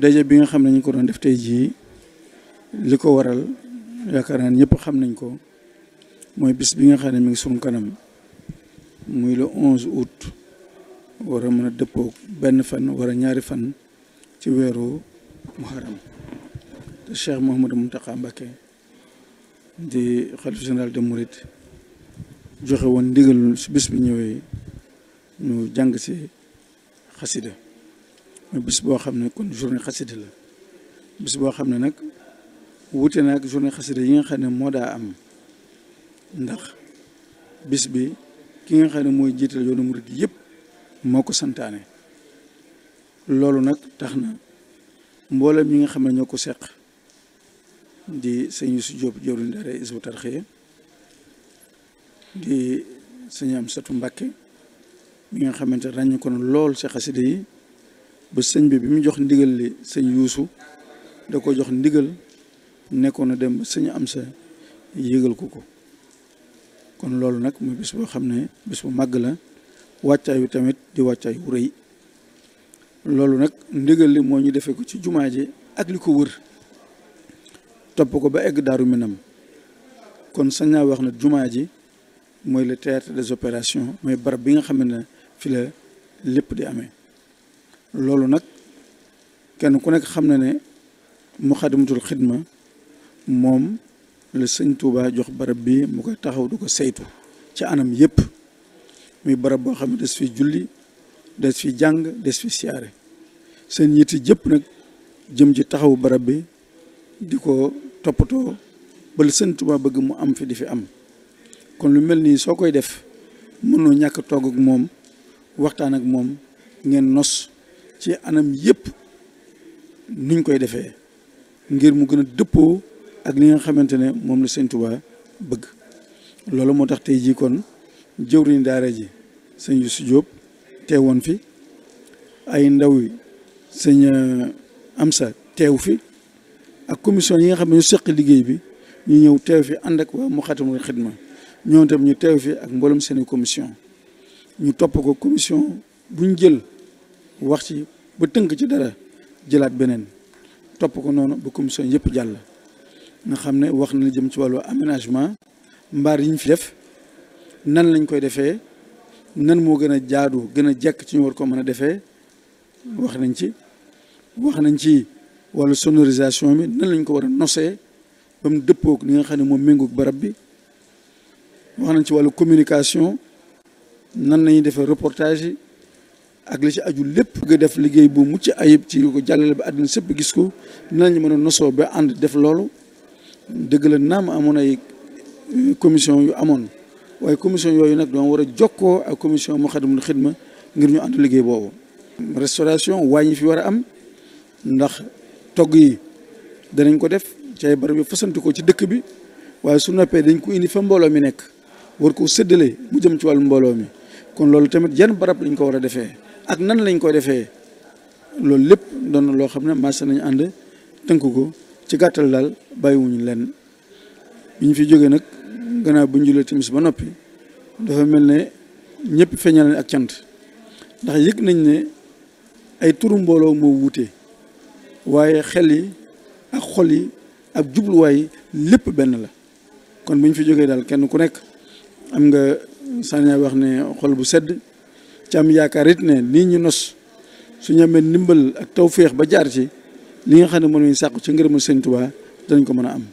daje bi nga xam ne ñu ko doon def tey jii li ko waral yaakaar naa ñëpp xam nañ ko mooy bis bi nga xam ne mi ngi sunu kanam muy le 11 août war a mën benn fan wara ñaari fan ci weeru muharam te Cheikh Mouhamadou Mountakha Mbacké di xalifa général de Mouride. joxe woon ndigalul su bis bi ñëwee ñu jàng si xasida mais bis boo xam ne kon journée xasida la bis boo xam ne nag wuute na ak journée xasida yi nga xam ne moo daa am ndax bis bi ki nga xam ne mooy jiital yoonu mu murid yëpp moo ko santaane loolu nag tax na mboolem ñi nga xam ne ñoo ko seq di sëñ Youssou Diop jawriñ daara Hizbut Tarqiyyah di sëñ Amsatu Mbàkke mi nga xamante ràññ ko na lool ci xasida yi ba sëñ bi bi mu jox ndigal li sëñ yuusu da ko jox ndigal nekkoon a dem ba sëñ sa yëgal ko ko kon loolu nag muy bis boo xam ne bis bu màgg la wi tamit di wàccaay wu rëy loolu nag ndigal li moo ñu defee ko ci jumaa ji ak li ko wër topp ko ba egg daaru minam kon sañ naa wax na jumaa ji mooy le théâtre des opérations mooy barab bi nga xam ne fi la lépp di ame loolu nag kenn ku nekk xam na ne muxadamatul xidma moom la sëñ Touba jox barab bi mu koy taxaw du ko saytu ci anam yépp muy barab boo xam ne des fi julli des fi jàng des fi siyaare seen yitti jëpp nag jëm ci taxaw barab bi di ko toppatoo bala sëñ Touba bëgg mu am fi di fi am kon lu mel nii soo koy def mënoo ñàkk togg ak moom waxtaan ak moom ngeen nos ci anam yëpp nuñ koy defee ngir mu gën dëppoo ak li nga xamante ne moom la Sëñ Tuubaa bëgg loolu moo tax tey jii kon jëwriñ daara ji sëñ Youssou Diop teewoon fi ay ndaw yi sëñ euh, Amsa teew fi ak commission yi nga xam ne ñu seq liggéey bi ñu ñëw teew fi ànd ak waa Muxaddamatul Xidma ñoom tam ñu teew fi ak mboolem seeni commission ñu topp ko commission buñ jël wax ci ba tënk ci dara jëlaat beneen topp ko noonu ba commission yëpp jàll nga xam ne wax na jëm ci wàllu aménagement mbaar yi ñu fi def nan lañ koy defee nan moo gën a jaadu gën a jekk ci ñu war ko mën a defee wax nañ ci wax nañ ci wàllu sonorisation bi nan lañ ko war a nosee ba mu dëppoog li nga xam ne moom méngoog barab bi wax nañ ci wàllu communication nan nañuy defee reportage yi ak li ci aju lépp nga def liggéey bu mucc ayib ci ko jàllale bi àddina sëpp gis ko nan ñu mën a nosoo ba ànd def loolu dëgg la naam amoon ay euh, commission yu amoon waaye commission yooyu nag doon war a jokkoo ak commission Moukhaddamatoul Khidma ngir ñu ànd liggéey boobu restauration ñu fi war a am ndax togg yi danañ ko def ci ay barab ci dëkk bi waaye su noppee dañ ko indi fa mbooloo mi nekk war koo séddalee mu jëm ci wàllu mbooloo mi kon loolu tamit yan barab lañ ko war a defee ak nan lañ ko defee loolu lépp doon na loo xam ne marché nañu ànd tënk ko ci gàttal daal bàyyiwuñu lenn bi ñu fi jógee nag gannaaw bu ñu julee timis ba noppi dafa mel ne ñëpp feeñal ak cant ndax yëg nañ ne ay turu mbooloo moo wuute waaye xel yi ak xol yi ak jubluwaay lépp benn la kon bu ñu fi jógee daal kenn ku nekk am nga saña wax ne xol bu sedd ci am yaakaar it ne nii ñu nos suñu amee ndimbal ak tawféex ba jaar ci li nga xam ne mënuñ sàkku ci mu Sëñ Tuubaa dañ ko mën a am